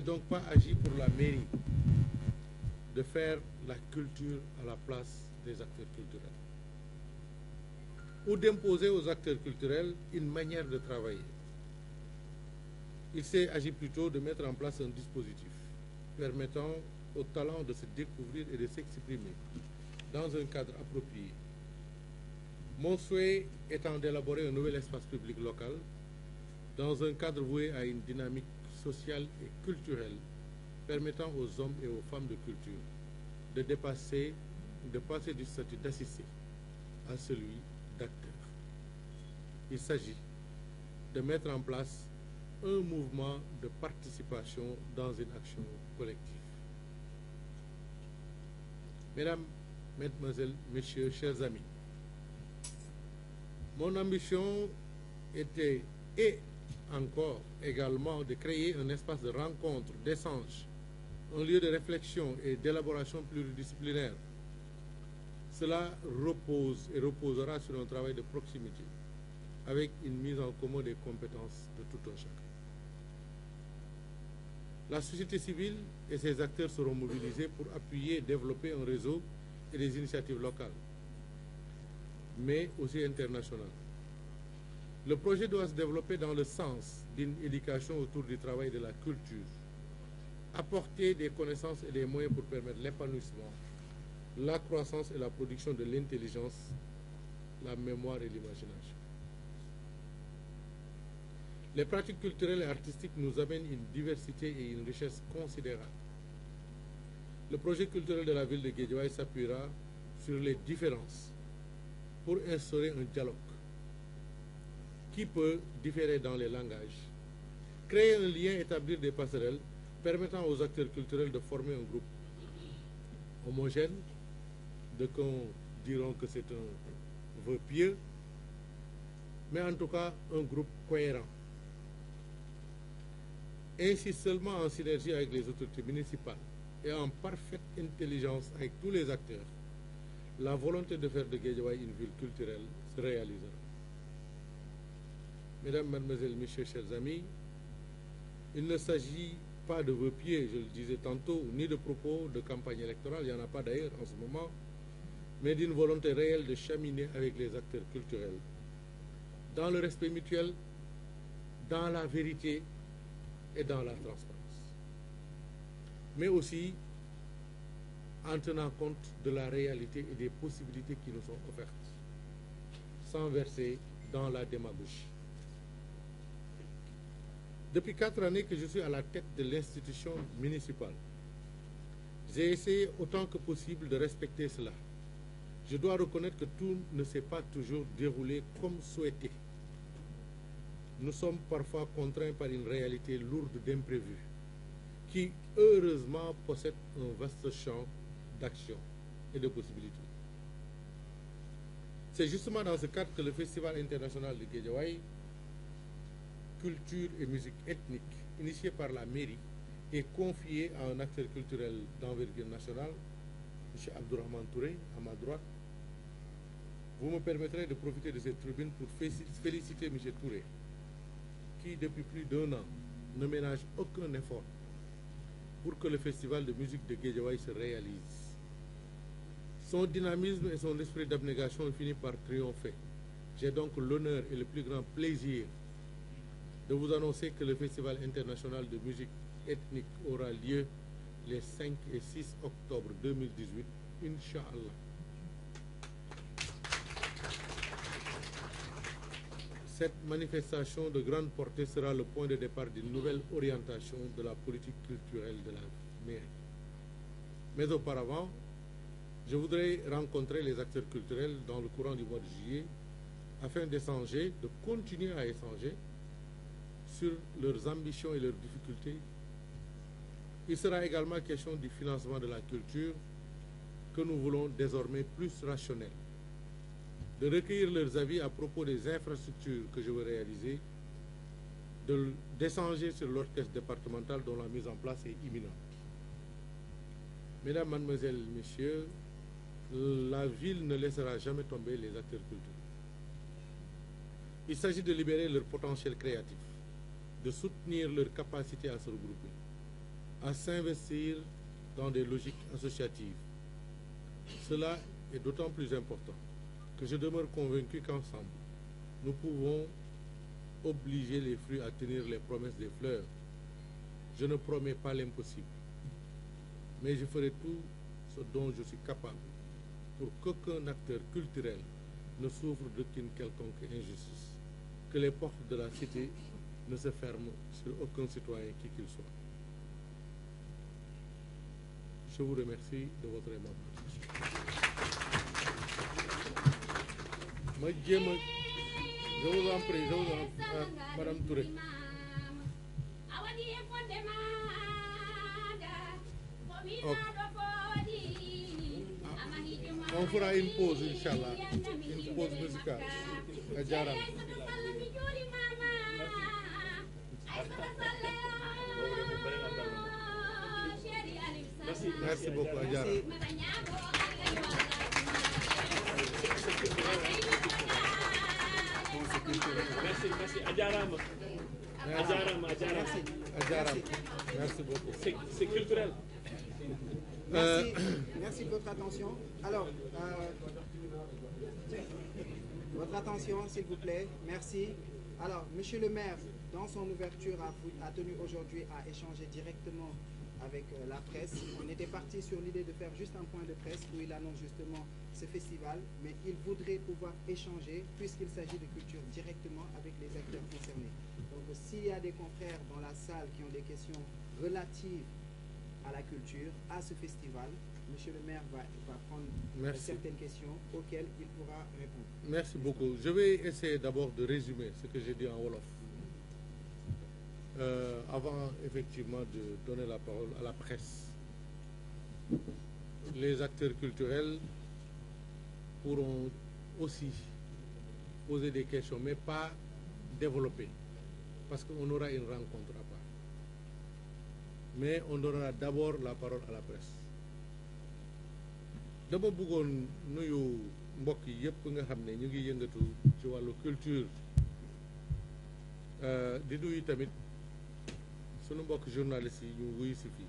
donc pas agi pour la mairie de faire la culture à la place des acteurs culturels ou d'imposer aux acteurs culturels une manière de travailler. Il s'est plutôt de mettre en place un dispositif permettant aux talents de se découvrir et de s'exprimer dans un cadre approprié. Mon souhait étant d'élaborer un nouvel espace public local dans un cadre voué à une dynamique sociale et culturelle permettant aux hommes et aux femmes de culture de dépasser, de passer du statut d'assisté à celui d'acteur. Il s'agit de mettre en place un mouvement de participation dans une action collective. Mesdames, Mesdemoiselles, Messieurs, chers amis, mon ambition était et encore également de créer un espace de rencontre, d'échange, un lieu de réflexion et d'élaboration pluridisciplinaire. Cela repose et reposera sur un travail de proximité, avec une mise en commun des compétences de tout un chacun. La société civile et ses acteurs seront mobilisés pour appuyer et développer un réseau et des initiatives locales, mais aussi internationales le projet doit se développer dans le sens d'une éducation autour du travail et de la culture, apporter des connaissances et des moyens pour permettre l'épanouissement, la croissance et la production de l'intelligence, la mémoire et l'imagination. Les pratiques culturelles et artistiques nous amènent une diversité et une richesse considérable. Le projet culturel de la ville de Guédiawaye s'appuiera sur les différences pour instaurer un dialogue qui peut différer dans les langages. Créer un lien, établir des passerelles permettant aux acteurs culturels de former un groupe homogène, de qu'on diront que c'est un vœu pieux, mais en tout cas un groupe cohérent. Ainsi seulement en synergie avec les autorités municipales et en parfaite intelligence avec tous les acteurs, la volonté de faire de Guédiawaye une ville culturelle se réalisera. Mesdames, Mademoiselles, Messieurs, chers amis, il ne s'agit pas de vos pieds, je le disais tantôt, ni de propos de campagne électorale, il n'y en a pas d'ailleurs en ce moment, mais d'une volonté réelle de cheminer avec les acteurs culturels. Dans le respect mutuel, dans la vérité et dans la transparence. Mais aussi en tenant compte de la réalité et des possibilités qui nous sont offertes, sans verser dans la démagogie. Depuis quatre années que je suis à la tête de l'institution municipale, j'ai essayé autant que possible de respecter cela. Je dois reconnaître que tout ne s'est pas toujours déroulé comme souhaité. Nous sommes parfois contraints par une réalité lourde d'imprévus, qui heureusement possède un vaste champ d'action et de possibilités. C'est justement dans ce cadre que le Festival international de Guédiawaye culture et musique ethnique, initiée par la mairie et confiée à un acteur culturel d'envergure nationale, M. Abdourahman Touré, à ma droite, vous me permettrez de profiter de cette tribune pour féliciter M. Touré, qui depuis plus d'un an ne ménage aucun effort pour que le festival de musique de Guédiawaï se réalise. Son dynamisme et son esprit d'abnégation fini par triompher. J'ai donc l'honneur et le plus grand plaisir de vous annoncer que le Festival international de musique ethnique aura lieu les 5 et 6 octobre 2018, Inch'Allah. Cette manifestation de grande portée sera le point de départ d'une nouvelle orientation de la politique culturelle de la mairie. Mais auparavant, je voudrais rencontrer les acteurs culturels dans le courant du mois de juillet afin d'échanger, de continuer à échanger sur leurs ambitions et leurs difficultés. Il sera également question du financement de la culture que nous voulons désormais plus rationnel, de recueillir leurs avis à propos des infrastructures que je veux réaliser, de d'échanger sur l'orchestre départemental dont la mise en place est imminente. Mesdames, Mademoiselles, Messieurs, la ville ne laissera jamais tomber les acteurs culturels. Il s'agit de libérer leur potentiel créatif de soutenir leur capacité à se regrouper, à s'investir dans des logiques associatives. Cela est d'autant plus important que je demeure convaincu qu'ensemble, nous pouvons obliger les fruits à tenir les promesses des fleurs. Je ne promets pas l'impossible, mais je ferai tout ce dont je suis capable pour qu'aucun acteur culturel ne souffre d'aucune quelconque injustice, que les portes de la cité ne se ferme sur aucun citoyen qui qu'il soit. Je vous remercie de votre aimable attention. Je vous en prie, je vous en prie, euh, Madame Touré. Okay. On fera une pause, Inch'Allah, une pause musicale. Merci beaucoup, Adjara. Merci, merci. Merci. Merci. Merci beaucoup. C'est culturel. Euh, merci, merci de votre attention. Alors, euh, votre attention, s'il vous plaît. Merci. Alors, Monsieur le maire, dans son ouverture, a tenu aujourd'hui à échanger directement avec euh, la presse. On était parti sur l'idée de faire juste un point de presse où il annonce justement ce festival, mais il voudrait pouvoir échanger puisqu'il s'agit de culture directement avec les acteurs concernés. Donc s'il y a des confrères dans la salle qui ont des questions relatives à la culture, à ce festival, Monsieur le maire va, prendre certaines questions auxquelles il pourra répondre. Merci beaucoup. Je vais essayer d'abord de résumer ce que j'ai dit en Wolof. Euh, avant effectivement de donner la parole à la presse, les acteurs culturels pourront aussi poser des questions, mais pas développer, parce qu'on aura une rencontre à part. Mais on donnera d'abord la parole à la presse. culture euh, sunu mbokk journaliste yi ñu wuyu si fii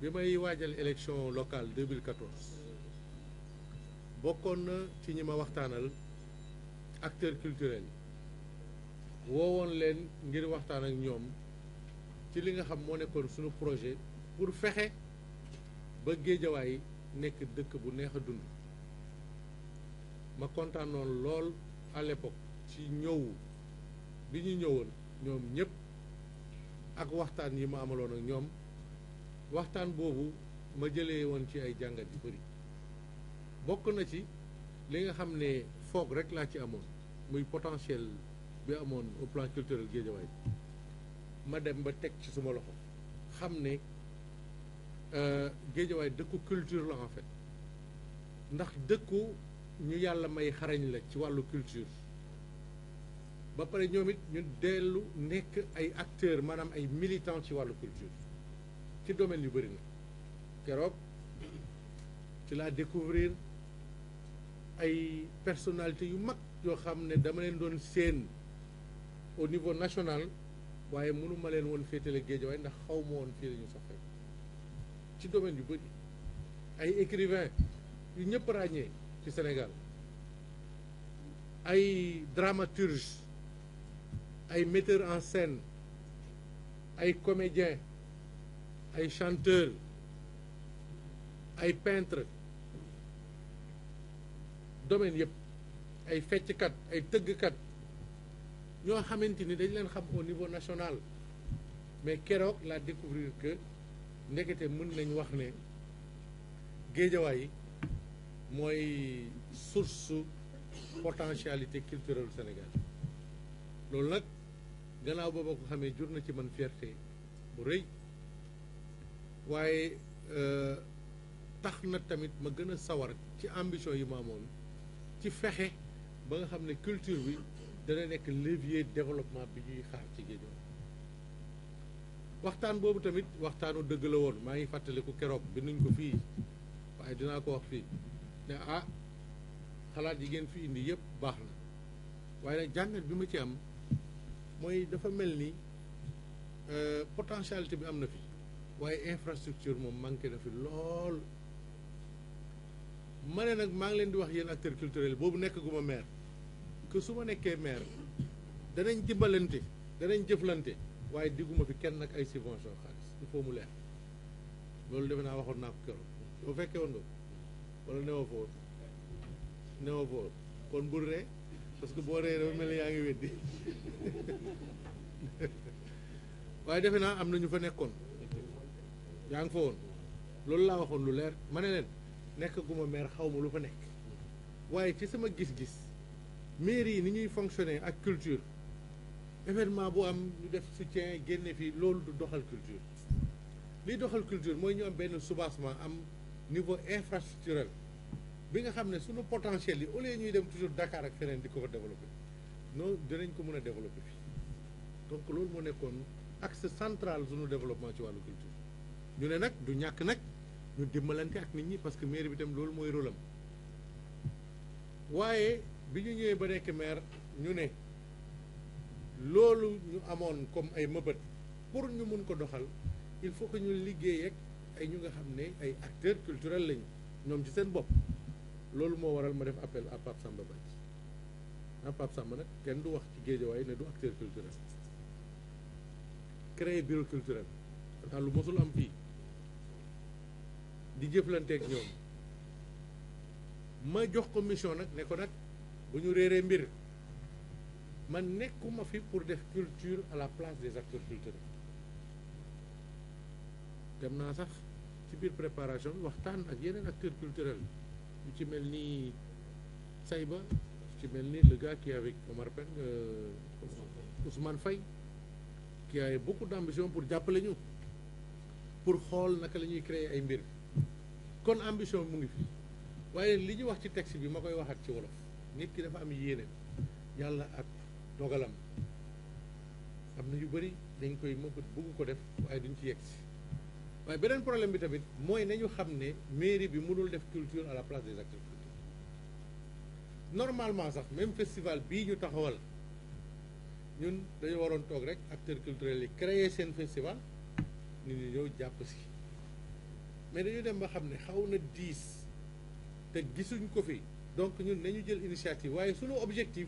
bi may waajal élection locale 2014 bokkoon na ci ñi ma waxtaanal acteurs culturels yi woowoon leen ngir waxtaan ak ñoom ci li nga xam moo nekkoon suñu projet pour fexe ba géejawaay nekk dëkk bu neex a dund ma kontaanoon lool à l'époque ci ñëw bi ñu ñëwoon ñoom ñëpp ak waxtaan yi ma amaloon ak ñoom waxtaan boobu ma jëlee woon ci ay jàngat yu bëri bokk na ci li nga xam ne foog rek laa ci amoon muy potentiel bi amoon au plan culturel Guédiawaye ma dem ba teg ci suma loxo xam ne euh, Guédiawaye dëkku culture la en fait ndax dëkku ñu yàlla may xarañ la ci wàllu culture ba pare ñoom it ñu dellu nekk ay acteurs maanaam ay militants ci wàllu culture ci domaine yu bëri na ci laa découvrir ay personnalités yu mag yoo xam ne dama leen doon seen au niveau national waaye mënuma leen woon féetale géej Guédiawaye ndax xaw ma woon fii la ñu ci domaine yu bëri ay écrivains yu ñëpp ràññee ci Sénégal ay dramaturges ay metteurs en scène ay comédiens ay chanteurs ay peintres domaine yëpp ay fecckat ay tëggkat ñoo xamante ni dañ leen xam au niveau national mais keroog la découvrir que ndekete mën nañ wax ne géejawaay mooy source potentialité culturelle du Sénégal loolu nag gannaaw booba ko xamee jur na ci man fierté bu rëy waaye euh, tax na tamit ma gën a sawar ci ambition yi ma amoon ci fexe ba nga xam ne culture bi dana nekk levier développement bi ñuy xaar ci Guédiawaye waxtaan boobu tamit waxtaanu dëgg la woon maa ngi fàttaliku keroog bi nuñ ko fii waaye dinaa ko wax fii ne ah xalaat yi ngeen fi indi yëpp baax na waaye nag jàngat bi ma ci am mooy dafa mel ni euh, potentialité bi am na fi waaye infrastructure moom manqué na fi lool ma ne nag maa ngi leen di wax yéen acteur culturel boobu nekk gu ma maire que su ma nekkee maire danañ dimbalante danañ jëflante waaye digguma fi kenn nag ay subvention xaalis il faut mu leer loolu defe naa waxoon naa ko keroog boo fekkee woon nga wala newoo fa woon kon bul ree parce que boo réeree ba mel ni yaa ngi weddi waaye defe naa am na ñu fa nekkoon yaa ngi fa woon loolu laa waxoon lu leer ma ne leen nekk gu ma maire xaw ma lu fa nekk waaye ci sama gis-gis maire yi ni ñuy fonctionner ak culture événement bu am ñu def soutien génne fii loolu du doxal culture liy doxal culture mooy ñu am benn soubassement am niveau infrastructurel bi nga xam ne suñu potentiel yi au lieu ñuy dem toujours Dakar ak feneen di ko fa développer noonu dinañ ko mën a développer fii donc loolu moo nekkoon axe centrale suñu développement ci wàllu culture ñu ne nag du ñàkk nag ñu dimbalante ak nit ñi parce que maire bi dem loolu mooy rôle am waaye bi ñu ñëwee ba nekk maire ñu ne loolu ñu amoon comme ay mëbët pour ñu mun ko doxal il faut que ñu liggéey ak ay ñu nga xam ne ay acteurs culturels lañu ñoom ci seen bopp loolu moo waral ma def appel à Pape Samba Badji ah Pape Samba nag kenn du wax ci géejawaay ne du acteur culturel créé bureau culturel ndax lu mosul am fii di jëflanteeg ñoom ma jox ko mission nag ne ko nag bu ñu réeree mbir man nekkuma fi pour def culture à la place des acteurs culturels dem naa sax ci biir préparation waxtaan ak yeneen acteurs culturels yu ci mel ni Sayba ci mel ni le gars qui est avec Omar Pène euh, Ousmane Faye qui a beaucoup pour jàppale ñu pour xool naka la ñuy créer ay mbir kon ambition mu ngi fi waaye li ñu wax ci texte bi ma koy waxaat ci wolof nit ki dafa am yéene yàlla ak dogalam am na yu bari dañ koy mëbët bëgg ko def waaye duñ ci yegg si Mais le problème, c'est que nous savons que la mairie ne peut pas faire culture à la place des acteurs culturels. Normalement, même le festival que nous avons nous les acteurs culturels créer ce festival, nous devons faire des choses. Mais nous avons faire 10 et 10 ans. Donc nous avons faire des initiatives. Mais notre objectif,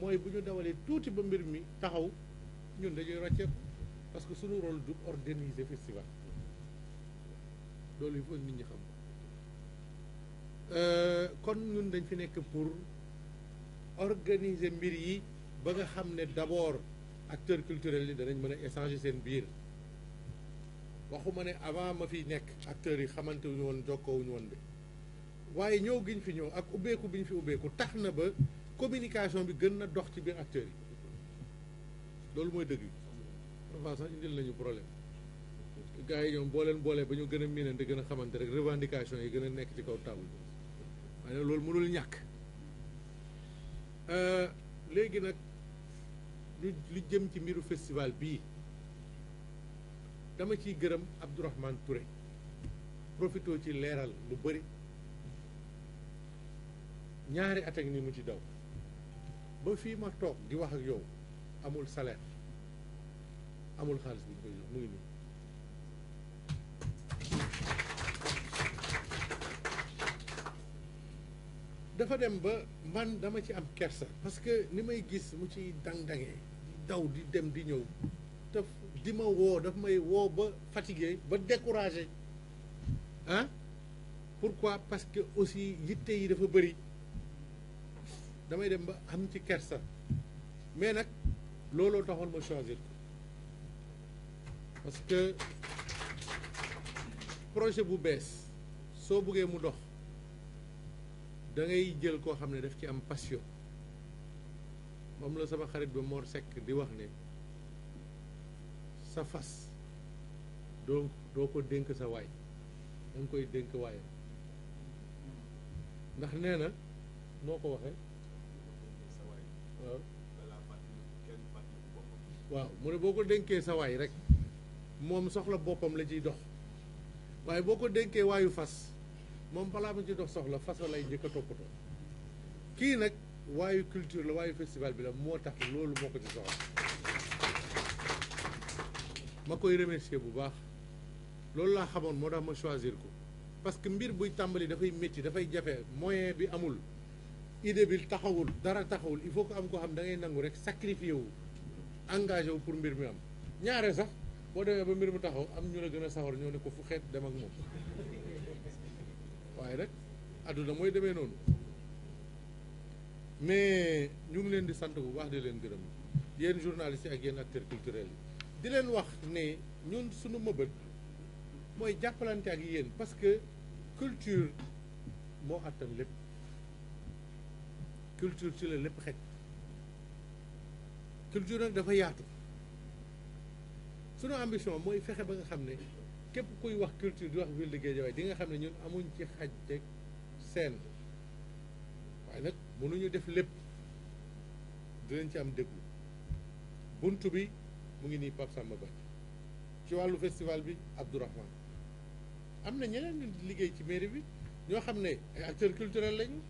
c'est que nous devons faire tout ce qui est en train nous Parce que notre rôle d'organiser le festival. loolu yi faut nit ñi xam ko euh, kon ñun dañ fi nekk pour organiser mbir yi ba nga xam ne d'abord acteurs culturels yi danañ mën a échanger seen biir waxuma ne avant ma fiy nekk acteurs yi xamante wuñu woon jokkoo wuñu woon bi waaye ñëw giñ fi ñëw ak ubbeeku bi ñu fi ubbeeku tax na ba communication bi gën na dox ci biir acteurs yi loolu mooy dëgg bi. de façon indil nañu problème. gaa yi ñoom boo boolee ba ñu gën a miinante gën a xamante rek revendication yi gën a nekk ci kaw table bi waaye loolu mënul ñàkk euh, léegi nag lu li jëm ci mbiru festival bii dama ciy gërëm Abdourahmane Touré profitoo ci leeral lu bëri ñaari at ak mu ci daw ba fii ma toog di wax ak yow amul salaire amul xaalis bi mu ngi nii dafa dem ba man dama ci am kersa parce que ni may gis mu ci dang-dangee daw di dem di ñëw te di ma woo daf may woo ba fatigué ba découragé ah pourquoi parce que aussi yitte yi dafa bëri damay dem ba am ci kersa mais nag looloo taxoon ma choisir ko parce que projet bu bees soo buggee mu dox da ngay jël koo xam ne daf ci am passion moom la sama xarit bi moo Seck di wax ne sa fas doo doo ko dénk sa waay da koy dénk waayam ndax nee na noo ko waxee waaw mu ne boo ko dénkee sa waay rek moom soxla boppam la ciy dox waaye boo ko dénkee waayu fas moom balaa ma ci dox soxla façon lay njëkk a toppatoo kii nag waayu culture la waayu festival bi la moo tax loolu moo ko ci soxla ma koy remercier bu baax loolu laa xamoon moo tax ma choisir ko parce que mbir buy tàmbali dafay métti dafay jafe moyen bi amul idée bi taxawul dara taxawul il faut que am ko xam da ngay nangu rek sacrifié wu engagé wu pour mbir mi am ñaare sax boo demee ba mbir mu taxaw am ñu la gën a sawar ñoo ne ko fu xeet dem ak moom waaye rek àdduna mooy demee noonu mais ñu ngi leen di sant bu baax di leen gërëm yéen journalistes ak yenn acteurs culturels yi di leen wax ne ñun sunu mëbët mooy jàppalante ak yéen parce que culture moo àttan lépp culture ci la lépp xej culture nag dafa yaatu sunu ambition mooy fexe ba nga xam ne képp kuy wax culture di wax ville de Guédiawaye di nga xam ne ñun amuñ ci xaj teg seen waaye nag ñuy def lépp dinañ ci am déglu bunt bi mu ngi nii Pape Samba Ba ci wàllu festival bi Abdourahman am na ñeneen ñu liggéey ci mairie bi ñoo xam ne ay acteurs culturels lañu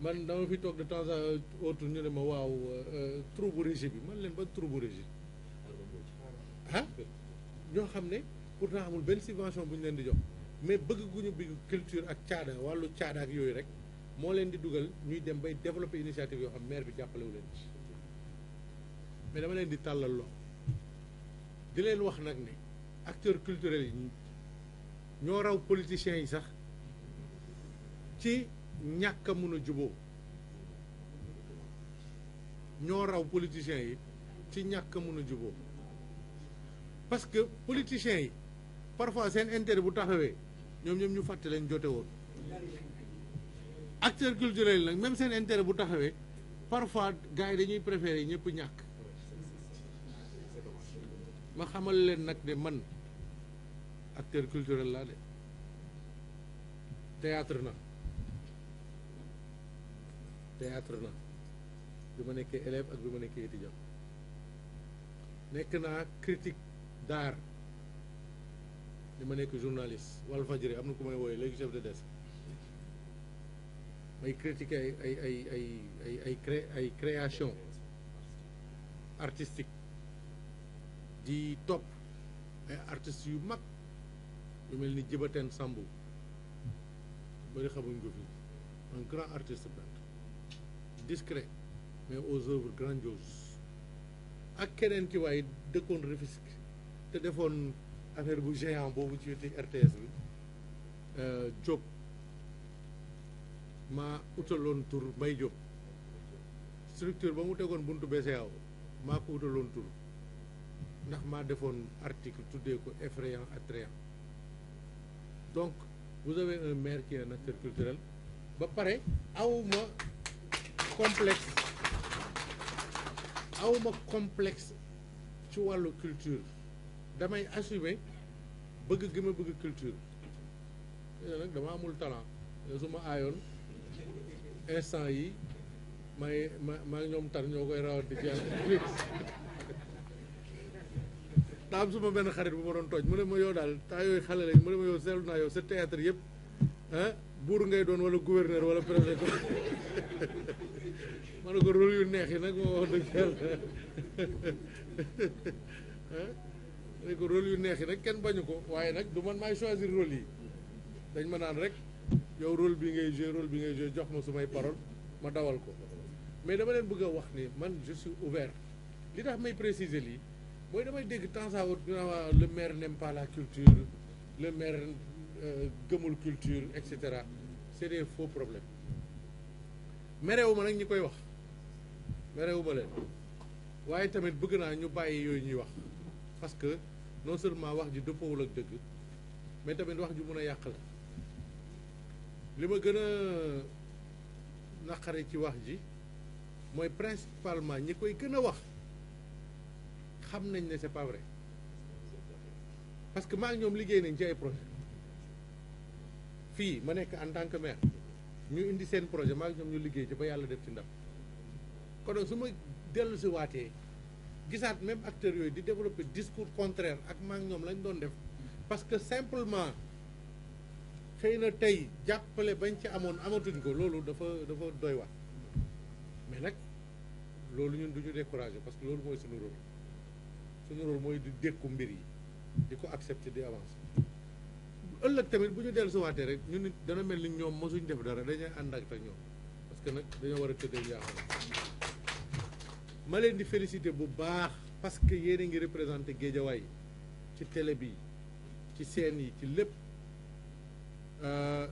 man dama fi toog de temps à autre ñu ne waaw euh, trou bu bi man leen ba trou bu régie ah ñoo xam ne pour pourtant amul benn subvention bu ñu leen di jox mais bëgg gu ñu bëgg culture ak caada wàllu caada ak yooyu rek moo leen di dugal ñuy dem bay développer initiative yoo xam maire bi jàppalewu leen ci mais dama leen di tàllal loo di leen wax nag ni acteur culturels yi ñoo raw politiciens yi sax ci ñàkk a mun a juboo ñoo raw politiciens yi ci ñàkk mun a juboo parce que politiciens yi parfois seen intérêt bu taxawé ñom ñom ñu faté lañ jote woon acteur culturel nak nag même seen intérêt bu taxawé parfois gaay dañuy préférer ñepp ñak ma xamal leen nak de man acteur culturel la dé théâtre na théâtre na bima nekké élève ak bima nekké étudiant nekk na critique d'art bi ma nekk journaliste Walfadjri am na ku may wooyee léegi chef de desk may critiquer ay ay ay ay ay ay cré ay création artistique di topp ay artistes yu mag yu mel ni Djibaten Sambou bari xamuñ ko fi un grand artiste peintre discret mais aux œuvres grandioses ak keneen ki waaye dëkkoon Rufisque te defoon affaire bu géant boobu ci RTS bi euh, Diop ma utaloon tur Mbaye Diop structure ba mu tegoon buntu BCEAO maa ko utaloon tur ndax maa defoon article tuddee ko effrayant attrayant donc vous avez un maire qui est un acteur culturel ba pare awuma complexe awuma complexe ci wàllu culture damay assumer bëgg gi ma bëgg culture dama amul talent su ma aayoon instant yi may ma maa ñoom tar ñoo koy rawat di jeex daa suma benn xarit bu ma doon tooj mu ne ma yow daal taa yooyu xale lañ mu ne ma yow seetlu naa yow sa théâtre yëpp ah buur ngay doon wala gouverneur wala préfet ko ma ne ko rôle yu neex yi nag moo wax dëgg yàlla ah? ne ko role yu neex yi nag kenn bañu ko waaye nag du man maay choisir rôle yi dañ ma naan rek yow rôle bi ngay joué rôle bi ngay joué jox ma sumay parole ma dawal ko mais dama leen bëgg a wax ni man je suis ouvert li tax may préciser lii mooy damay dégg temps à autre ñu naan le maire n'aime pas culture le maire euh, gëmul culture et cetera c'est des faux problèmes merewu ma nag ñi koy wax merewu ma leen waaye tamit bëgg naa ñu bàyyi yooyu ñuy wax que non seulement wax ji dëppoowul ak dëgg mais tamit wax ji mun a yàq la li ma gën a naqari ci wax ji mooy principalement ñi koy gën a wax xam nañ ne c'est pas vrai parce que maa ngi ñoom liggéey nañ ci ay projet fii ma nekk en tant que maire ñu indi seen projet maa ngi ñoom ñu liggéey ci ba yàlla def ci ndam kon su ma dellu si waatee gisat même acteur yoy di développer discours contraire ak ma ngi lañ doon def parce que simplement xeyna tay jappalé bañ ci amone amatuñ ko lolu dafa dafa doy wax mais nak lolu ñun duñu décourager parce que lolu moy suñu rôle suñu rôle moy di dékku mbir yi diko accepter di avancer ëllëk tamit bu ñu del su waté rek ñun it dana mel ni ñoom def dara dañuy ànd ak ñom parce que nak dañu wara a ñaan ma leen di félicité bu baax parce que yéen ngi représenté Géejawaay ci télé bi ci seen yi ci lépp euh,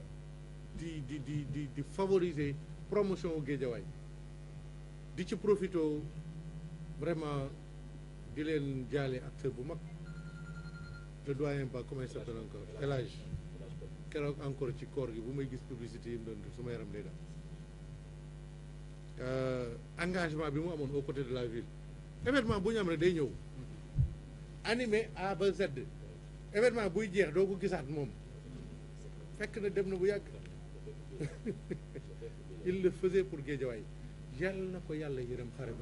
di di di di di favoriser promotion wu Géejawaay di ci profité vraiment di leen jaale acteur bu mag le doyen ba comment il s'appelle encore El Hadj keroog encore ci koor gi bu may gis publicité yi mu doon su ma yaram day daal Euh, engagement bi mu amoon au côté de la ville événement bu ñu am rek day ñëw animé A ba Z événement buy jeex doo ko gisaat moom fekk na dem na bu yàgg il le faisait pour Guédiawaye yàlla na ko yàlla yërëm xare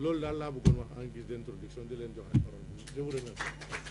loolu daal laa bëggoon wax en guise d'introduction di leen jox ak parole je vous remercie